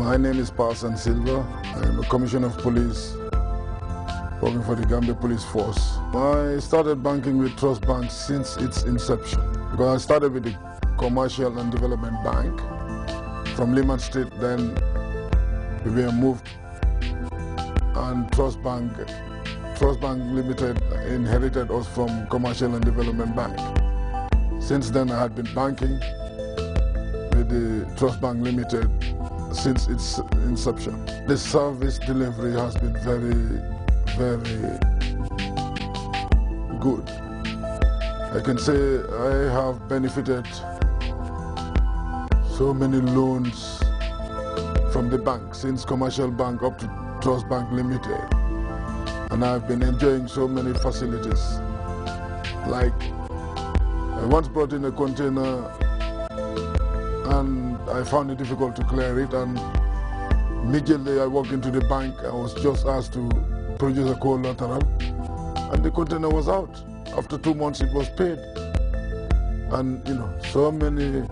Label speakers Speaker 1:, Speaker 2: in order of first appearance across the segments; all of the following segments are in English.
Speaker 1: My name is Parson Silva. I'm a commissioner of police working for the Gambia Police Force. I started banking with Trust Bank since its inception because I started with the Commercial and Development Bank from Lehman Street, then we were moved and Trust Bank, Trust Bank Limited inherited us from Commercial and Development Bank. Since then I had been banking with the Trust Bank Limited since its inception. The service delivery has been very, very good. I can say I have benefited so many loans from the bank, since Commercial Bank up to Trust Bank Limited. And I've been enjoying so many facilities. Like, I once brought in a container and I found it difficult to clear it and immediately I walked into the bank. I was just asked to produce a collateral and the container was out. After two months it was paid. And you know, so many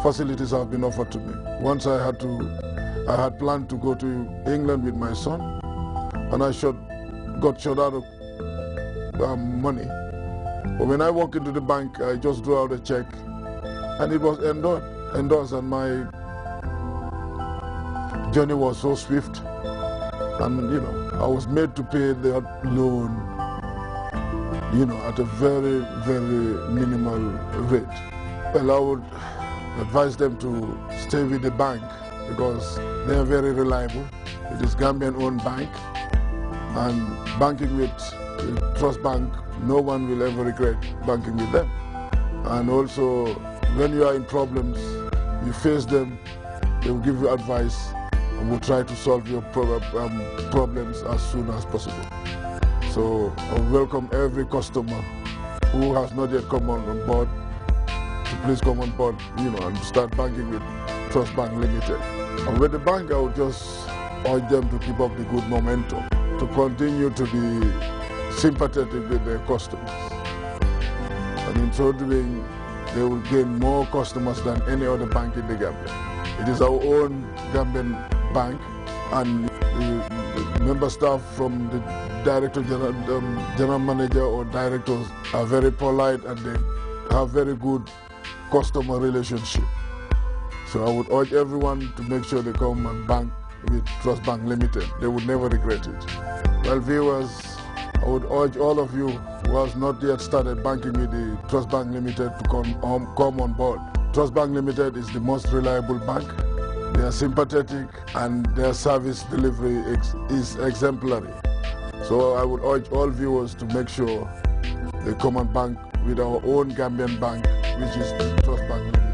Speaker 1: facilities have been offered to me. Once I had to, I had planned to go to England with my son and I shot, got shot out of um, money. But when I walked into the bank, I just drew out a check and it was endowed endorsed and my journey was so swift and you know I was made to pay that loan you know at a very very minimal rate well I would advise them to stay with the bank because they are very reliable it is Gambian owned bank and banking with Trust Bank no one will ever regret banking with them and also when you are in problems you face them, they will give you advice, and will try to solve your pro um, problems as soon as possible. So I welcome every customer who has not yet come on, on board to please come on board, you know, and start banking with Trust Bank Limited. And with the bank, I would just urge them to keep up the good momentum, to continue to be sympathetic with their customers. And in so doing, they will gain more customers than any other bank in the Gambia. It is our own Gambian bank and the, member staff from the director general, um, general manager or directors are very polite and they have very good customer relationship. So I would urge everyone to make sure they come and bank with Trust Bank Limited. They would never regret it. Well, viewers, I would urge all of you who has not yet started banking with the Trust Bank Limited to come, um, come on board. Trust Bank Limited is the most reliable bank. They are sympathetic and their service delivery ex is exemplary. So I would urge all viewers to make sure they come on bank with our own Gambian bank, which is Trust Bank Limited.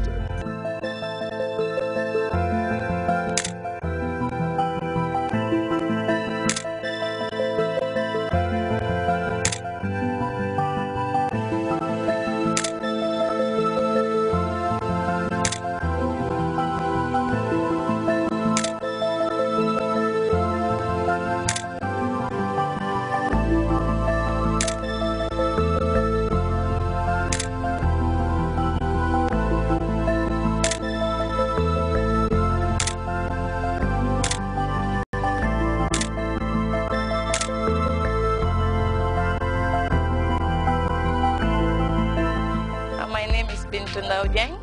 Speaker 2: Tundao Jeng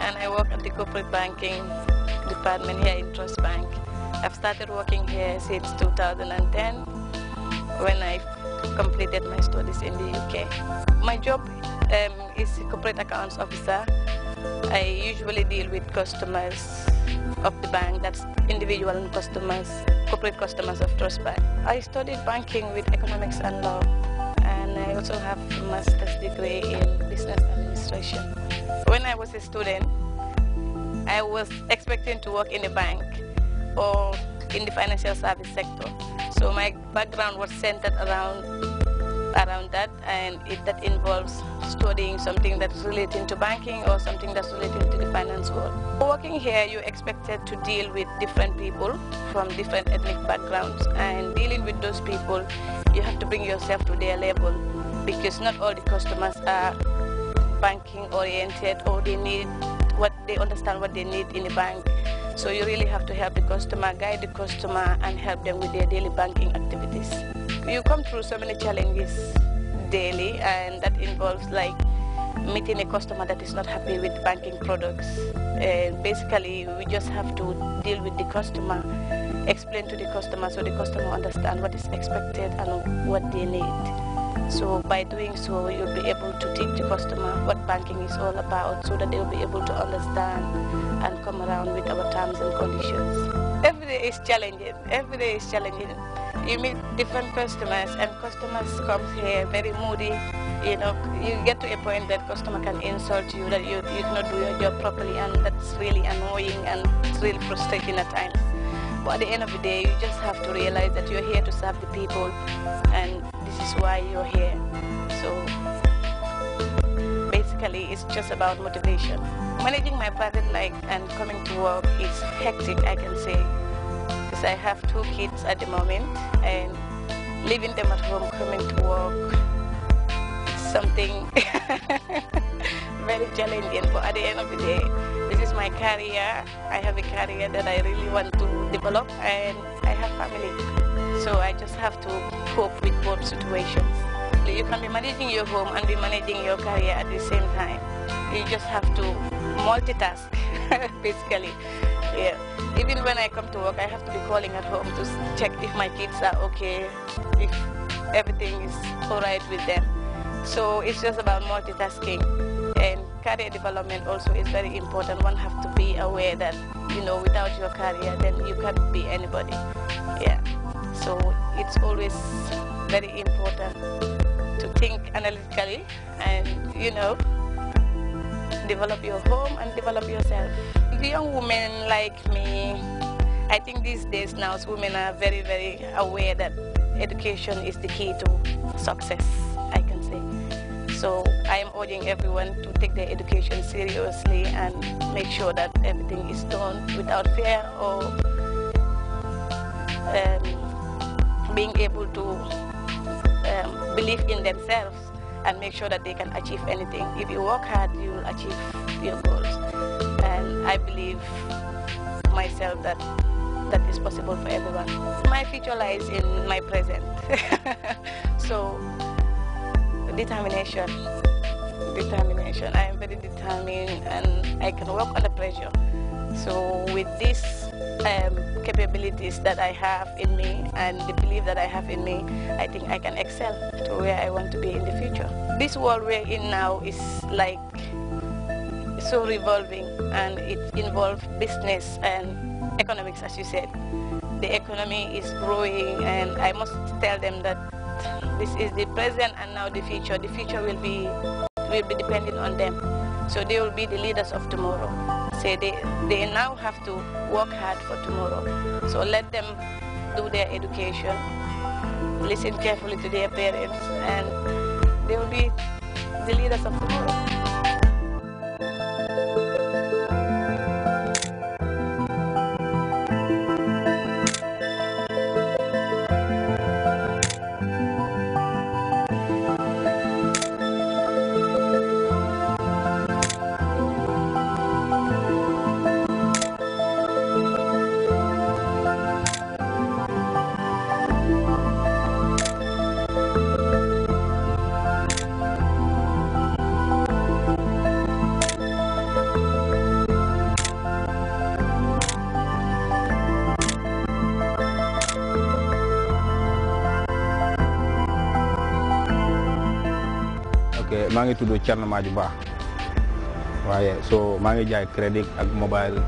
Speaker 2: and I work at the corporate banking department here in Trust Bank. I've started working here since 2010 when I completed my studies in the UK. My job um, is corporate accounts officer. I usually deal with customers of the bank, that's individual customers, corporate customers of Trust Bank. I studied banking with economics and law. I also have a master's degree in business administration. When I was a student, I was expecting to work in a bank or in the financial service sector. So my background was centered around around that and if that involves studying something that's related to banking or something that's related to the finance world. Working here you're expected to deal with different people from different ethnic backgrounds and dealing with those people you have to bring yourself to their level because not all the customers are banking oriented or they need what they understand what they need in the bank. So you really have to help the customer, guide the customer and help them with their daily banking activities. You come through so many challenges daily and that involves like meeting a customer that is not happy with banking products. And basically, we just have to deal with the customer, explain to the customer so the customer understand what is expected and what they need. So by doing so, you'll be able to teach the customer what banking is all about so that they'll be able to understand and come around with our terms and conditions. Every day is challenging. Every day is challenging. You meet different customers and customers come here very moody. You know, you get to a point that customer can insult you, that you, you cannot do your job properly and that's really annoying and it's really frustrating at times. But at the end of the day, you just have to realize that you're here to serve the people and is why you're here. So basically, it's just about motivation. Managing my private life and coming to work is hectic, I can say, because I have two kids at the moment and leaving them at home, coming to work, something very challenging. But at the end of the day, this is my career. I have a career that I really want to develop and I have family. So I just have to cope with both situations. You can be managing your home and be managing your career at the same time. You just have to multitask, basically. Yeah. Even when I come to work, I have to be calling at home to check if my kids are okay, if everything is all right with them. So it's just about multitasking. And career development also is very important. One have to be aware that, you know, without your career, then you can't be anybody. Yeah. So it's always very important to think analytically and, you know, develop your home and develop yourself. The young women like me, I think these days now women are very, very aware that education is the key to success, I can say. So I am urging everyone to take their education seriously and make sure that everything is done without fear or um, being able to um, believe in themselves and make sure that they can achieve anything. If you work hard, you will achieve your goals. And I believe myself that that is possible for everyone. My future lies in my present. so determination, determination. I am very determined and I can work under pressure. So with this um, capabilities that I have in me and the belief that I have in me, I think I can excel to where I want to be in the future. This world we're in now is like so revolving and it involves business and economics as you said. The economy is growing and I must tell them that this is the present and now the future. The future will be will be dependent on them. So they will be the leaders of tomorrow say they, they now have to work hard for tomorrow. So let them do their education, listen carefully to their parents, and they will be the leaders of
Speaker 1: maa ngi tudd Thierno Madji baax waaye soo maa ngi jaay crédit ak mobile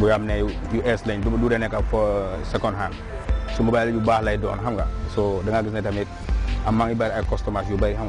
Speaker 1: bu am ne yu es lañ du du dee nekk foo second hand su mobile yu baax lay doon xam nga soo da nga gis ne tamit am maa ngi bari ay customers yu bari xam